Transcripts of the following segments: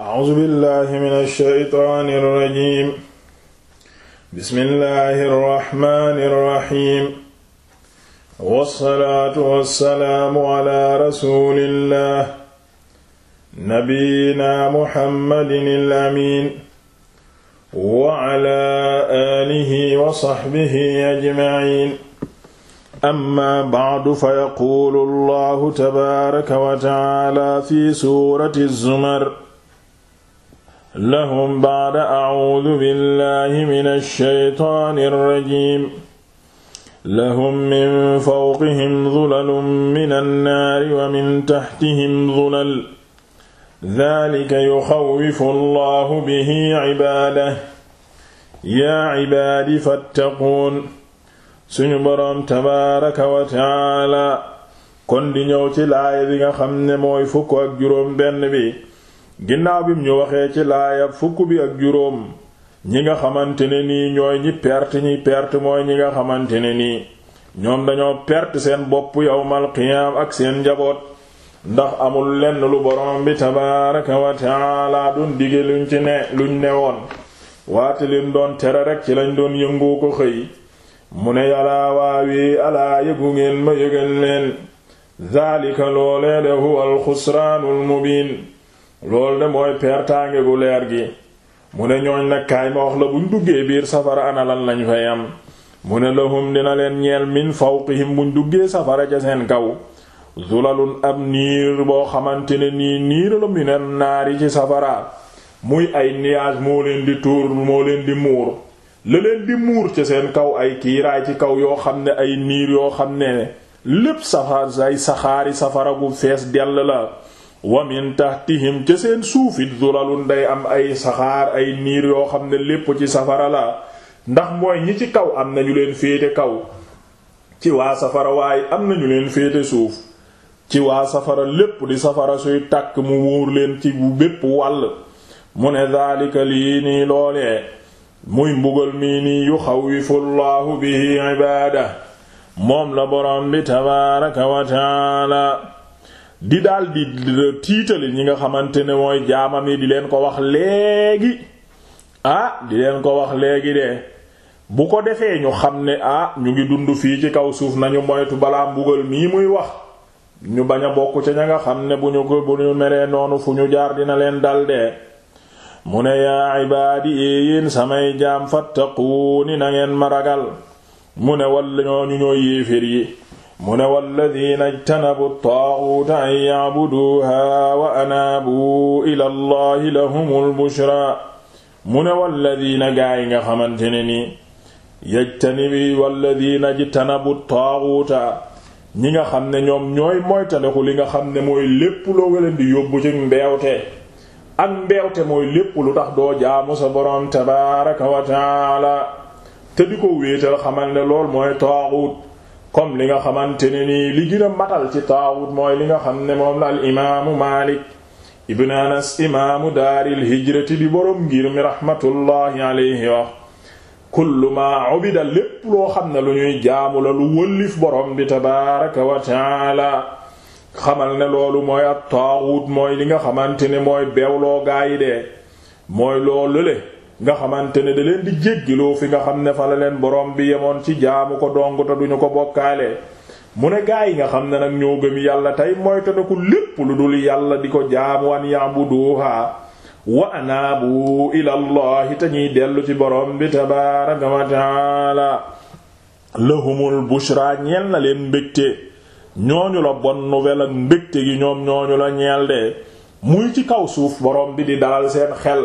أعوذ بالله من الشيطان الرجيم بسم الله الرحمن الرحيم والصلاة والسلام على رسول الله نبينا محمد الأمين وعلى آله وصحبه أجمعين أما بعد فيقول الله تبارك وتعالى في سورة الزمر lahum ba'da a'uudu billahi minash shaytaanir rajiim lahum min fawqihim zulalun minan naari wa min tahtihim zulal zaalika yuxawwifu allahu bihi cibaadahu yaa cibaadi fattaquun suñu boroom tabaaraka wa tacaala kon di ñëw ci laaya bi nga xam ne mooy fukk ak juróom benn bi ginnaaw bi mu ñu waxee ci laaya fukk bi ak juróom ñi nga xamante ne nii ñooy ñi perte ñi perte mooy ñi nga xamante ne nii ñoom dañoo pert seen bopp yawmal qiyaam ak seen njaboot ndax amul lenn lu borom bi tabaaraka wa taala doon dige luñ ci ne luñ ne woon waate leen doon tere rek ci lañ doon yëngu ko xëy mu ne yàllaa waawi alaa yëgu ngeen ma yëgal leen zaalika loolee de alxusraanul mubiin loolu de mooy pertaange gu leer gi mu ne ñooñ nag kaay ma wax la buñ duggee biir safara ana lan lañ fay am mu ne lahum dina leen ñeel min fawqihim buñ duggee safara ca seen kaw zulalun ab niir boo xamante ne nii niir la mu ne naari ci safara muy ay nuage moo leen di tuur moo leen di muur la leen di muur ca seen kaw ay kiiraay ci kaw yoo xam ne ay niir yoo xam ne lépp safar ay saxaari safara bu fees dell la wa min tahtihim ca seen suufit zulalun day am ay saxaar ay niir yoo xam ne lépp ci safara la ndax mooy ñi ci kaw am nañu leen féete kaw ci waa safara waaye am nañu leen féete suuf ci waa safara lépp di safara suy tàkk mu wuur leen ci bu bépp wàll mu ne daalika lii nii loolee muy mbugal mii nii yuxawifu llaahu bihi ibaada moom la borom bi tabaaraka wa taala di daal di tiitali ñi nga xamante ne mooy jaamam yi di leen ko wax léegi ah di leen ko wax léegi de bu ko defee ñu xam ne ah ñu ngi dund fii ci kaw suuf nañu moytu balaa mbugal mii muy wax ñu bañ a bokk ca ña nga xam ne bu ñu ko bu ñu meree noonu fu ñu jaar dina leen dal de mu ne yaa ibaadi yéen samay jaam fattaquuni na ngeen ma ragal mu ne walla ñooñu ñooy yéeféer yi mu ne walladina jtanabu taaxuuta an yacbuduuha wa anaabu ila allahi lahumul bushra mu ne walladina gaa yi nga xamante ne ni yajtanibi walladina jtanabu taaxuuta ñi nga xam ne ñoom ñooy moytandiku li nga xam ne mooy lépp loo nga leen di yóbbu ci mbeewte ak mbeewte mooy lépp lu tax doo jaamu sa boroom tabaaraka wa taala te di ko wéetal xamal ne lool mooy taaxuut comme li nga xamante ne nii li gën matal ci taawut mooy li nga xam ne moom la al imaamu Maalik ibn Anas imaamu daaril hijrati di borom ngir mi alayhi wax kullu maa ubida lépp loo xam ne lu ñuy jaamu la lu wëllif borom bi tabaaraka wa taala xamal ne loolu mooy at taawut mooy li nga xamante ne mooy beewloo gaa yi de mooy loolu le nga xamante ne da di jéggiloo fi nga xam ne fa la leen borom bi yemoon ci jaamu ko dong te duñu ko bokkaale mu ne gaa yi nga xam ne nag ñoo gëm yàlla tey moytandiku lépp lu dul yàlla di ko jaamu an ya'buduha wa anaabu ila te ñuy dellu ci borom bi tabaaraka wa taala lahumul bushra ñeel na leen mbégte ñooñu la bonne nouvelle ak mbégte gi ñoom ñooñu la ñeel de muy ci kaw suuf borom bi di dalal seen xel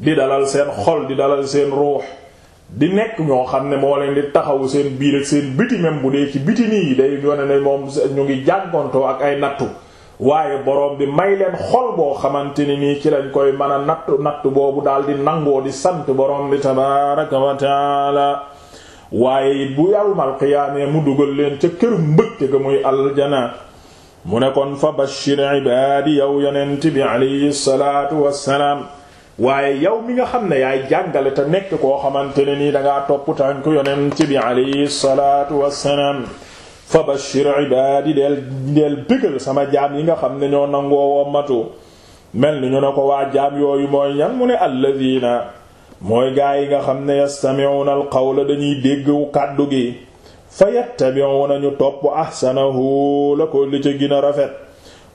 di dalal seen xol di dalal seen ruux di nekk ñoo xam ne moo leen di taxawu seen biir ak seen biti même bu dee ci biti nii day yone ne moom ñu ngi jànkontoo ak ay nattu waaye borom bi may leen xol boo xamante ne nii ci lañ koy mën a nattu nattu boobu daal di nangoo di sant borom bi tabaaraka wa taala waaye it bu yawmal qiyaamee mu dugal leen ca kër mbëkk ga muy aljana mu ne kon fa bashir ibaadi yow yonent bi alayhi salaatu wassalaam waaye yow mi nga xam ne yaay jàngale te nekk koo xamante ne nii dangaa topp tànk yonent bi alayhi salaatu wassalaam fa bashir ibaadi del del bégal sama jaam yi nga xam ne ñoo nangoo wommatu mel ni ñu ne ko waa jaam yooyu mooy ñan mu ne alladina mooy gaa yi nga xam ne yastami'una alqawla dañuy dégg kàddu gi fa yattabi'una ñu topp ahsanahu la ko li ca gën rafet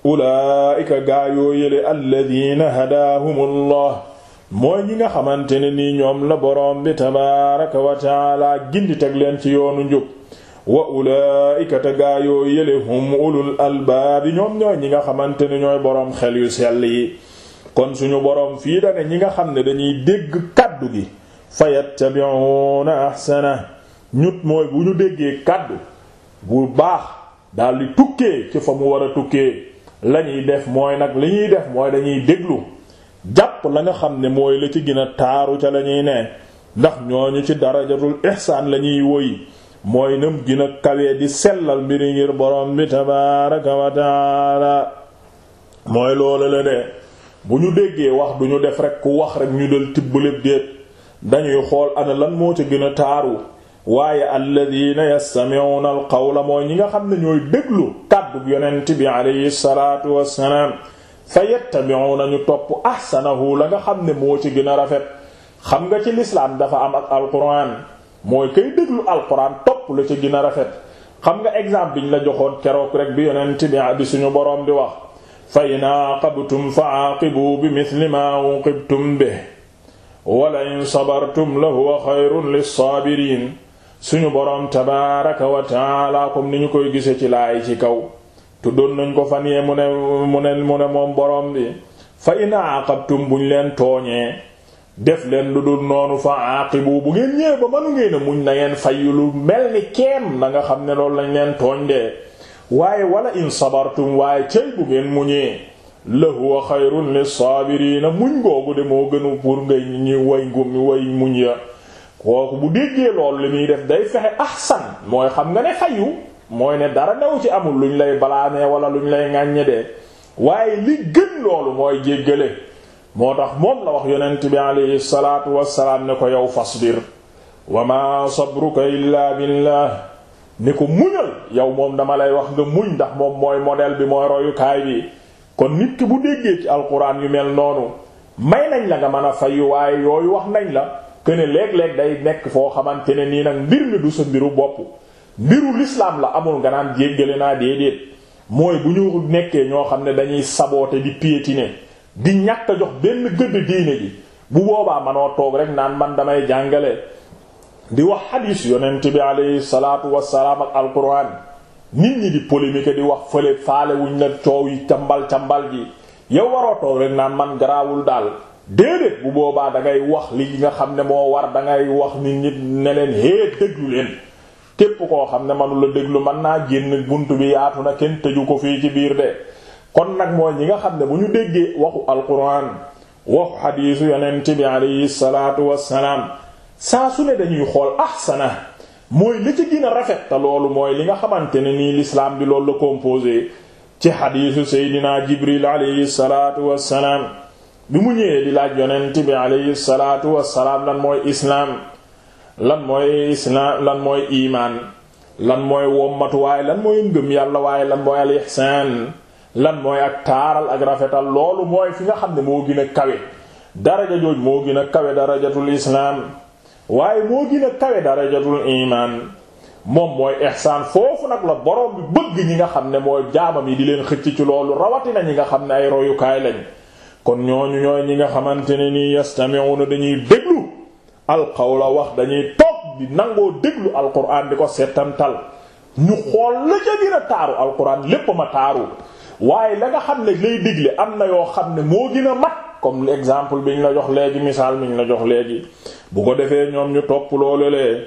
ulaa'ika gaa yoo yële alladina hadaahumullah mooy ñi nga xamante ne nii ñoom la boroom bi tabaaraka wa taala gindi teg leen ci yoonu njub wa ulaa'ika te gaayoo yële hum ulul albaabi ñoom ñooy ñi nga xamante ne ñooy boroom xel yu sell yi kon suñu boroom fii da ñi nga xam ne dañuy dégg kàddu gi fa yattabi'una ahsana ñut mooy bu ñu déggee kàddu bu baax daldi tukkee ci fa mu wara a tukkee lañuy def mooy nag li ñuy def mooy dañuy déglu jàpp la nga xam ne mooy la ci gën a taaru ca la ñuy ne ndax ñu ci darajatul ihsaan la ñuy woy mooy nam gën a kawee di sellal mbiri ngir borom bi tabaaraka wa taala mooy loolu la de bu ñu déggee wax du ñu def rek ku wax rek ñu dal tibb lépp déet dañuy xool ana lan moo ca gën taaru waaye alladina yastami'una al qawla mooy ñi nga xam ne ñooy déglu kàddu yonent bi alayhi salaatu wassalaam fa yattabi'una ñu topp ahsanahu la nga xam ne moo ci gën rafet xam nga ci lislaam dafa am ak alquran mooy kay déglu alquran topp la ci gën rafet xam nga exemple biñ la joxoon keroog rek bi yonent bi bi suñu boroom di wax fa in aaqabtum fa aaqibu bi mithli ma uqibtum bih wala in sabartum la huwa xayrun lissaabiriin suñu boroom tabaaraka wa taala comme ni ñu koy gisee ci laay ci kaw tuddoon nañ ko fa yee mu ne mu ne mu ne moom borom bi fa in aqabtum buñ leen tooñee def leen lu dul noonu fa aqibu bu ngeen ñëwee ba mënu ngeen a muñ nangeen ngeen fayyu lu mel ni keem na nga xam ne loolu lañ leen tooñ de waaye wala in sabartum waaye cëy bu ngeen muñee la huwa xayrun lissaabiriina muñ googu de moo gënu pour ngay ñi way ngumi way muñ ya kooku bu déggee loolu li muy def day fexe ahsan mooy xam nga ne fayu mooy ne dara new ci amul luñ lay balaanee wala luñ lay ŋàññe de waaye li gën loolu mooy jéggale moo tax moom la wax yonent bi alayhi salaatu wassalaam ne ko yow fasbir wa ma sabruka illaa billah ni ko muñal yow moom dama lay wax nga muñ ndax moom mooy model bi mooy royukaay bi kon nit ki bu déggee ci alquran yu mel noonu may nañ la nga mën a fayu waaye yooyu wax nañ la que ne léeg day nekk foo xamante ne nii nag mbir mi du sa mbiru bopp mbiru l'islam la amul nga naan jéggale naa déedéet mooy bu ñu nekkee ñoo xam ne dañuy saboote di piétiner di ñàkk a jox benn gëdd diine bi bu boobaa manoo toog rek naan man damay jàngale di wax xadiis yonent bi alayhi salaatu wassalaam ak alquran nit ñi di polémique di wax fële faale wuñ la coow yi ca mbal ca mbal ji yow waroo toog rek naan man garaawul daal déedéet bu boobaa da ngay wax li nga xam ne moo war dangay wax nit ñi ne leen hee déglu leen képp koo xam ne manu la déglu man naa génn bunt bi yaatu na kenn tëju ko fii ci biir de kon nag mooy ñi nga xam ne bu ñu déggee waxu alquran waxu xadiisu yonent bi alayhi salaatu wassalaam saa su ne dañuy xool ahsana mooy li ci gën rafet te loolu mooy li nga xamante ne nii lislaam bi lool la composé ci xadiisu seydina jibril alayhi salaatu wassalaam bi mu ñëwee di laaj yonent bi alayhi salaatu wassalaam lan mooy islam lan mooy islam lan mooy imaan lan mooy wommatu waaye lan mooy ngëm yàlla waaye lan mooy al lan mooy ak taaral ak rafetal loolu mooy fi nga xam ne moo gën a kawe daraja jooj moo gën a kawe darajatul islaam waaye moo gën a kawe darajatul imaan moom mooy ihsaan foofu nag la borom bi bëgg ñi nga xam ne mooy jaamam yi di leen xëcc ci loolu rawatina ñi nga xam ne ay royukaay lañ kon ñooñu ñooy ñi nga xamante ne nii yastami'una dañuy déglu alqawla wax dañuy toog bi nangoo déglu alquran di ko seetantal ñu xool la ca gën taaru alquran lépp ma taaru waaye la xam ne lay digle am na yoo xam ne moo gën a mat comme exemple bi ñu la jox léegi misaal bi ñu la jox léegi bu ko defee ñoom ñu topp loolu lee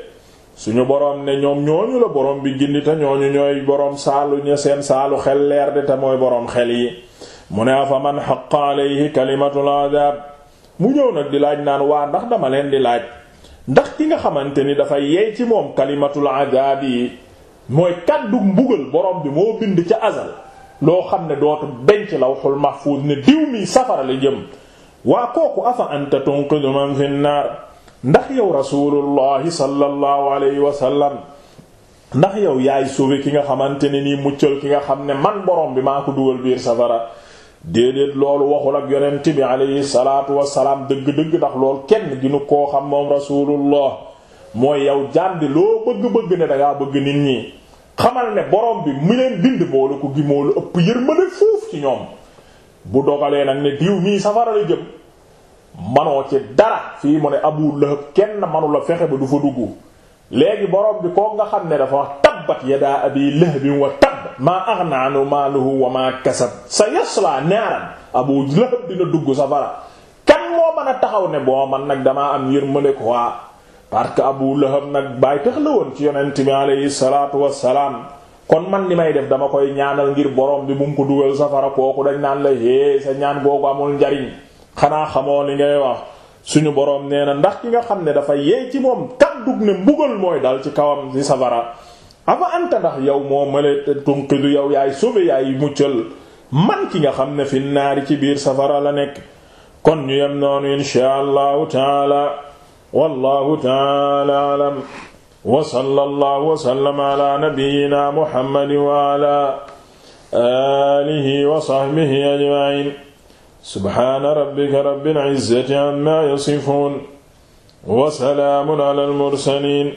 suñu borom ne ñoom ñooñu la borom bi gindi te ñooñu ñooy boroom saalu ñu seen saalu xel leer de te mooy boroom xel yi mu ne afaman xaqa alayhi kalimatul adab mu ñëw nag di laaj naan waa ndax dama leen di laaj ndax ki nga xamante ni dafa yey ci moom kalimatul azab yi mooy kàddu mbugal borom bi moo bind ca azal loo xam ne dootu benc lawhul mahfuz ne diw mi safara la jëm waa kooku afa anta tunqidu man fi naar ndax yow rasulullahi sallallahu alayhi wa sallam ndax yow yaay sauver ki nga xamante ne nii muccal ki nga xam ne man borom bi maa ko dugal biir safara déedéet loolu waxul ak yonent bi alayhi dëgg-dëgg ndax lool kenn ginu koo xam moom rasulullah mooy yow jàndi loo bëgg-bëgg ne dangaa bëgg nit ñi xamal ne borom bi mu leen bind moo la ko gi moo la ëpp yërmande fuuf ci ñoom bu dogalee nag ne diw mii safara la jëm manoo ci dara fii mu ne Abu Lahab kenn manu fexe ba du fa dugg léegi borom bi koo nga xam ne dafa wax tabbat yadaa abi lahabin wa maa aghna anhu maaluhu wa maa kasab sayasla naaran abu lahab dina dugg safara kan moo mën a taxaw ne boo man nag damaa am yërmande quoi parce que abu lahab nag bàyyi tax la woon ci yonent bi alayhi kon man li may def dama koy ñaanal ngir borom bi bu mu ko dugal safara kooku dañ naan la hee sa ñaan googu amul njariñ xanaa xamoo li ngay wax suñu borom nee na ndax ki nga xam ne dafa yeey ci moom dug ne mbugal mooy dal ci kawam ci safara afa anta ndax yow moo male tunqidu yow yaay sauver yaay muccal man ki nga xam ne fi naari ci biir safara la nekk kon ñu yem noonu inshaa allahu taala wallahu taala alam wa sallallahu wa sallama ala nabiyyina muhammadin wa ala alihi wa sahbihi ajma'in subhana rabbika rabbil izzati amma yasifun wa salamun ala al mursalin